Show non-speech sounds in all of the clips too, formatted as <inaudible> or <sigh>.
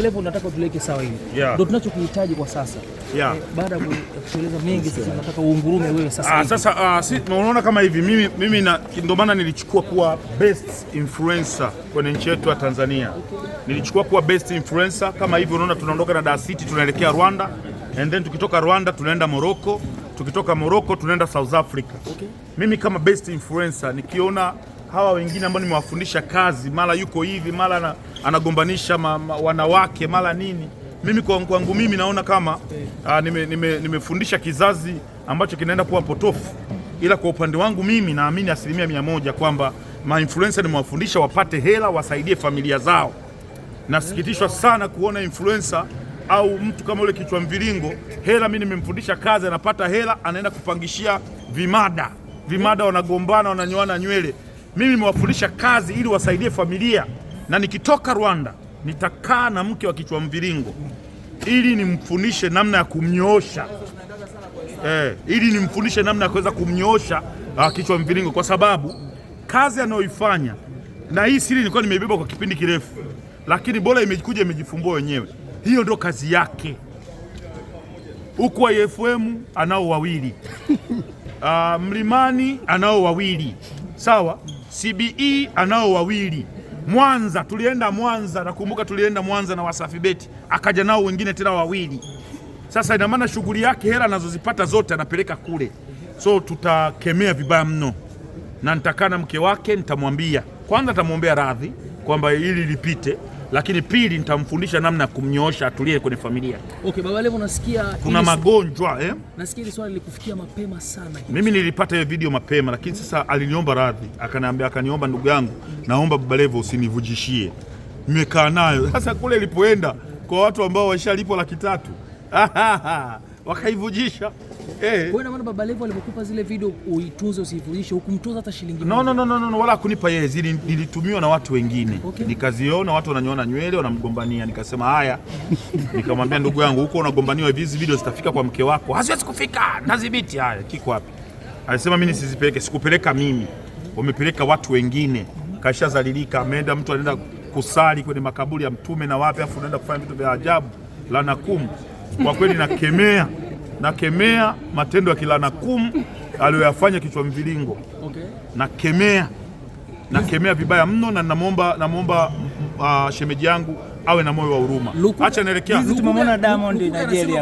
level nataka tuleke sawa hili yeah. tunachokuhitaji kwa sasa yeah. E, baada ya kueleza mengi sasa tunataka uungurume wewe sasa ah, sasa ah, si, unaona kama hivi mimi, mimi na ndio maana nilichukua kuwa best influencer kwenye nchi yetu ya Tanzania Nilichukua kuwa best influencer kama hivi, unaona tunaondoka na Dar City tunaelekea Rwanda and then tukitoka Rwanda tunaenda Morocco, tukitoka Morocco tunaenda South Africa okay. Mimi kama best influencer nikiona hawa wengine ambao nimewafundisha kazi, mara yuko hivi, mara anagombanisha ma, ma, wanawake, mara nini. Mimi kwangu mimi naona kama nimefundisha ah, nime, nime, nimefundisha kizazi ambacho kinaenda kuwa potofu, ila kwa upande wangu mimi naamini asilimia mia moja kwamba mainfluencer nimewafundisha wapate hela, wasaidie familia zao. Nasikitishwa sana kuona influencer au mtu kama yule kichwa mviringo hela. Mimi nimemfundisha kazi, anapata hela, anaenda kupangishia vimada vimada, wanagombana wananyoana nywele. Mimi nimewafundisha kazi ili wasaidie familia, na nikitoka Rwanda nitakaa na mke wa kichwa mviringo ili nimfundishe namna ya kumnyoosha eh, ili nimfundishe namna ya kuweza kumnyoosha uh, kichwa mviringo, kwa sababu kazi anayoifanya. Na hii siri nilikuwa nimeibeba kwa kipindi kirefu, lakini bora imekuja imejifumbua wenyewe. Hiyo ndo kazi yake huku IFM anao wawili uh, <laughs> mlimani anao wawili sawa. CBE anao wawili Mwanza, tulienda Mwanza, nakumbuka tulienda Mwanza na Wasafi Beti, akaja nao wengine tena wawili. Sasa ina maana shughuli yake hela anazozipata zote anapeleka kule, so tutakemea vibaya mno, na nitakaa na mke wake, nitamwambia kwanza, atamwombea radhi kwamba ili lipite lakini pili nitamfundisha namna ya kumnyoosha atulie kwenye familia. Okay, baba Levo, nasikia kuna magonjwa eh? Nasikia hili swali lilikufikia mapema sana. Mimi nilipata hiyo video mapema, lakini mm. Sasa aliniomba radhi, akaniambia akaniomba, ndugu yangu naomba baba Levo usinivujishie, nimekaa nayo <laughs> sasa kule ilipoenda kwa watu ambao waishalipo laki tatu <laughs> wakaivujisha eh. Baba Levo alipokupa zile video uitunze usivujishe, hukumtunza hata shilingi No, no, no, no, no, wala kunipa yeye, zili nilitumiwa na watu wengine okay. Nikaziona watu wananyoona nywele wanamgombania, nikasema haya <laughs> nikamwambia ndugu yangu, huko unagombaniwa hivi, hizi video zitafika kwa mke wako, haziwezi kufika, nadhibiti. Haya, kiko wapi? Alisema mimi nisizipeleke, sikupeleka mimi, wamepeleka watu wengine. Kashazalilika, ameenda mtu anaenda kusali kwenye makaburi ya Mtume na wapi, afu unaenda kufanya vitu vya ajabu, lanakumu kwa kweli nakemea, nakemea matendo ya kila kumu aliyoyafanya kichwa mviringo. Nakemea, nakemea vibaya mno, na namwomba, namwomba uh, shemeji yangu awe na moyo wa huruma. Acha naelekea. Diamond Nigeria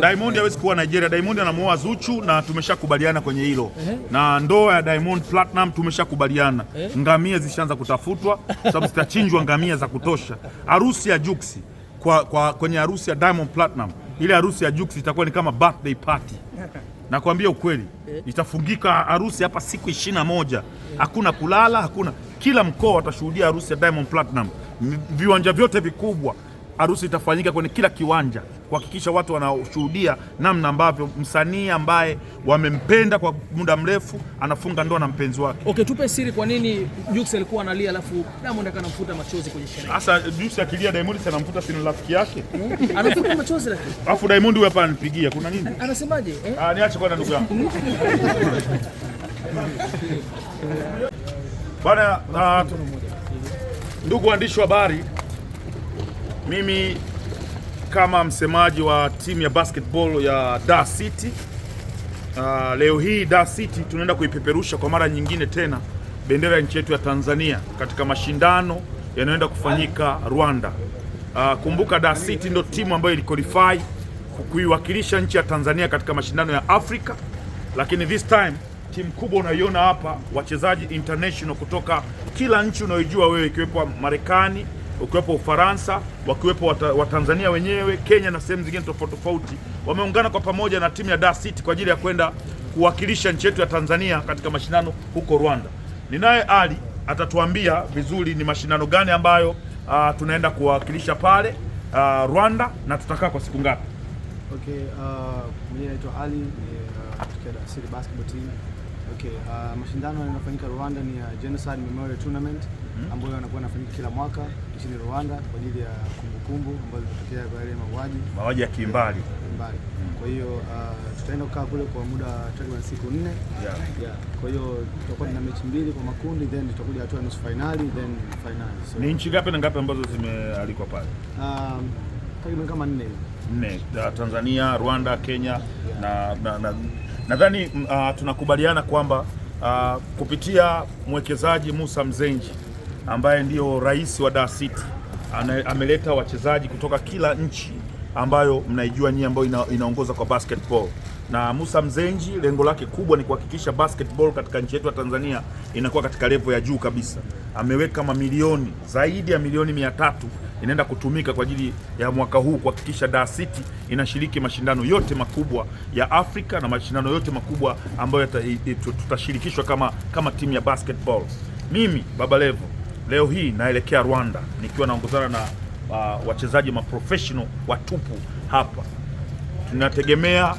Diamond hawezi kuwa Nigeria. Diamond anamwoa Zuchu na tumeshakubaliana kwenye hilo. Eh? Na ndoa ya Diamond Platinum tumeshakubaliana. Eh? Ngamia zishaanza kutafutwa sababu zitachinjwa ngamia za kutosha. Harusi ya Juksi kwa, kwa, kwenye harusi ya Diamond Platinum, ile harusi ya Jux itakuwa ni kama birthday party. <laughs> Nakwambia ukweli, eh? itafungika harusi hapa siku ishirini na moja. Hakuna kulala, hakuna. Kila mkoa watashuhudia harusi ya Diamond Platinum, viwanja vyote vikubwa harusi itafanyika kwenye kila kiwanja kuhakikisha watu wanashuhudia namna ambavyo msanii ambaye wamempenda kwa muda mrefu anafunga ndoa na mpenzi wake. Okay, tupe siri, kwa nini Jux alikuwa analia alafu Diamond akanamfuta machozi kwenye sherehe? Sasa Jux akilia Diamond anamfuta si rafiki yake? <laughs> Anafuta machozi lakini. Alafu Diamond huyu hapa anipigia, kuna nini? Anasemaje? Eh? Ah, niache kwa ndugu yangu. <laughs> bana, ah, ndugu waandishi wa habari mimi kama msemaji wa timu ya basketball ya Dar City uh, leo hii Dar City tunaenda kuipeperusha kwa mara nyingine tena bendera ya nchi yetu ya Tanzania katika mashindano yanayoenda kufanyika Rwanda. Uh, kumbuka Dar City ndio timu ambayo iliqualify kuiwakilisha nchi ya Tanzania katika mashindano ya Afrika, lakini this time timu kubwa unaiona hapa, wachezaji international kutoka kila nchi unayojua wewe, ikiwepo Marekani ukiwepo Ufaransa, wakiwepo Watanzania wenyewe, Kenya na sehemu zingine tofauti tofauti, wameungana kwa pamoja na timu ya Dar City kwa ajili ya kwenda kuwakilisha nchi yetu ya Tanzania katika mashindano huko Rwanda. Ninaye Ali atatuambia vizuri ni mashindano gani ambayo uh, tunaenda kuwakilisha pale uh, Rwanda na tutakaa kwa siku ngapi? Okay, ah, mimi naitwa Ali kutoka Dar City basketball team. Okay, uh, mashindano yanayofanyika Rwanda ni ya Genocide Memorial Tournament Mhm. ambayo yanakuwa yanafanyika kila mwaka nchini Rwanda kwa ajili ya kumbukumbu ambayo zimetokea kwa yale mauaji mauaji ya kimbali mbali. Mhm. Kwa hiyo uh, tutaenda kukaa kule kwa muda takriban siku nne yeah. Yeah. Kwa hiyo tutakuwa na mechi mbili kwa makundi then tutakuja hatua nusu finali then finali. So, ni nchi ngapi na ngapi ambazo zimealikwa pale? Um, takriban kama nne nne Tanzania, Rwanda, Kenya yeah. na nadhani na, na uh, tunakubaliana kwamba uh, kupitia mwekezaji Musa Mzenji ambaye ndiyo rais wa Dar City ameleta wachezaji kutoka kila nchi ambayo mnaijua nyinyi ambayo ina, inaongoza kwa basketball na Musa Mzenji lengo lake kubwa ni kuhakikisha basketball katika nchi yetu ya Tanzania inakuwa katika levo ya juu kabisa. Ameweka mamilioni zaidi ya milioni mia tatu inaenda kutumika kwa ajili ya mwaka huu kuhakikisha Dar City inashiriki mashindano yote makubwa ya Afrika na mashindano yote makubwa ambayo tutashirikishwa kama, kama timu ya basketball. Mimi Baba Levo Leo hii naelekea Rwanda nikiwa naongozana na uh, wachezaji maprofessional watupu hapa. Tunategemea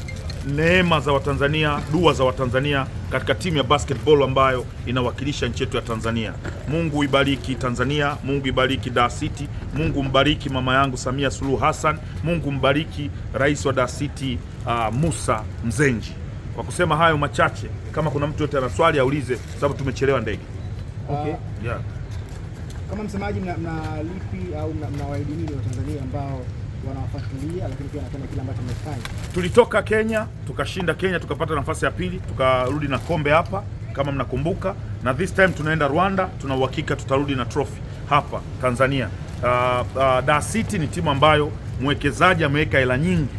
neema za Watanzania, dua za Watanzania katika timu ya basketball ambayo inawakilisha nchi yetu ya Tanzania. Mungu ibariki Tanzania, Mungu ibariki Dar City, Mungu mbariki mama yangu Samia Suluhu Hassan, Mungu mbariki rais wa Dar City uh, Musa Mzenji. Kwa kusema hayo machache, kama kuna mtu yote ana swali aulize, sababu tumechelewa ndege. Okay. Yeah. Kama msemaji, lipi au mnawaahidi nini Tanzania ambao wanawafuatilia lakini pia wanapenda kile ambacho amefanya. Tulitoka Kenya tukashinda Kenya, tukapata nafasi ya pili, tukarudi na kombe hapa kama mnakumbuka, na this time tunaenda Rwanda, tuna uhakika tutarudi na trophy hapa Tanzania. Uh, uh, Dar City ni timu ambayo mwekezaji ameweka hela nyingi.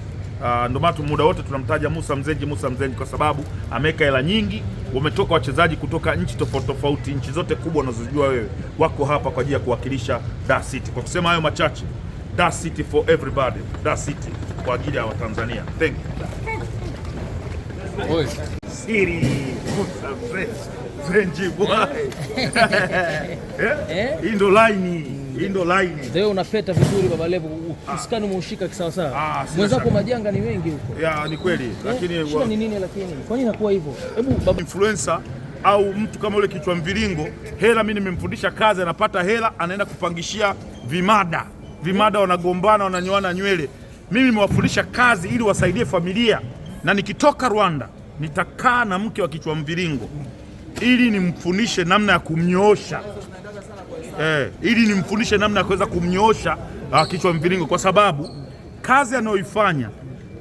Uh, ndio maana muda wote tunamtaja Musa Mzenji, Musa Mzenji kwa sababu ameweka hela nyingi wametoka wachezaji kutoka nchi tofauti tofauti, nchi zote kubwa unazojua wewe, wako hapa kwa ajili ya kuwakilisha Dar City. Kwa kusema hayo machache, Dar City for everybody, Dar City kwa ajili ya Watanzania. Thank you. Siri Zenji boy. <laughs> Eh? Eh? Hii ndo line. Hii ndo line. Leo unapeta vizuri Baba Levo, ah. usikani muushika kisawasawa. Ah, Mwenzako majanga ni mengi huko. Ya ni kweli, eh, lakini shida ni nini lakini? Kwa nini inakuwa hivyo? Hebu baba influencer au mtu kama yule kichwa mviringo, hela mimi nimemfundisha kazi, anapata hela, anaenda kupangishia vimada vimada, wanagombana wananyoana nywele. Mimi nimewafundisha kazi ili wasaidie familia, na nikitoka Rwanda nitakaa na mke wa kichwa mviringo ili nimfundishe namna ya kumnyoosha eh, ili nimfundishe namna ya kuweza kumnyoosha uh, kichwa mviringo, kwa sababu kazi anayoifanya,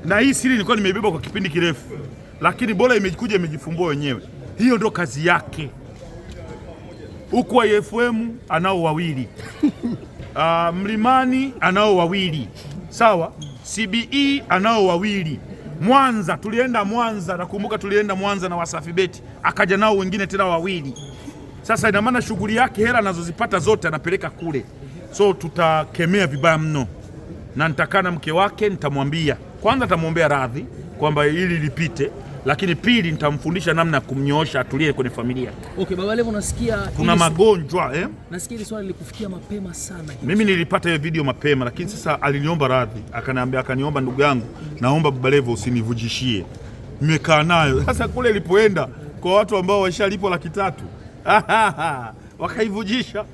na hii siri nilikuwa nimeibeba kwa kipindi kirefu, lakini bora imekuja imejifumbua wenyewe. Hiyo ndo kazi yake. Huku IFM anao wawili uh, <laughs> Mlimani anao wawili sawa, CBE anao wawili Mwanza tulienda Mwanza, nakumbuka tulienda Mwanza na Wasafi Beti, akaja nao wengine tena wawili. Sasa ina maana shughuli yake hela anazozipata zote anapeleka kule, so tutakemea vibaya mno, na nitakaa na mke wake, nitamwambia kwanza, nitamwombea radhi kwamba ili lipite, lakini pili nitamfundisha namna ya kumnyoosha atulie kwenye familia. Okay, Baba leo unasikia kuna magonjwa eh? Nasikia swali lilikufikia mapema sana. Mimi nilipata hiyo video mapema, lakini sasa aliniomba radhi, akaniambia, akaniomba ndugu yangu, naomba Baba Levo usinivujishie, nimekaa nayo <laughs> sasa kule ilipoenda kwa watu ambao washalipo laki tatu <laughs> wakaivujisha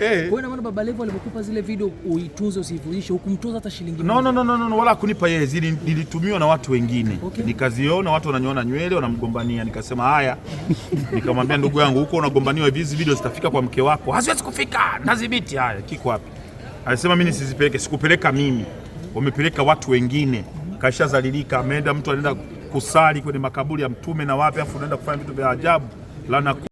eh. maana Baba Levo alivyokupa zile video uitunze, usivujishe, hukumtoza hata shilingi no, no, no, no, no, wala kunipa yeye, nilitumiwa na watu wengine okay. Nikaziona watu wananyoona nywele wanamgombania, nikasema haya <laughs> nikamwambia ndugu yangu, huko unagombaniwa hivi, hizi video zitafika kwa mke wako, haziwezi kufika, nadhibiti. Haya, kiko wapi? Alisema mimi nisizipeleke. Sikupeleka mimi, wamepeleka watu wengine. Kashazalilika, ameenda mtu anaenda kusali kwenye makaburi ya Mtume na wapi, afu unaenda kufanya vitu vya ajabu lana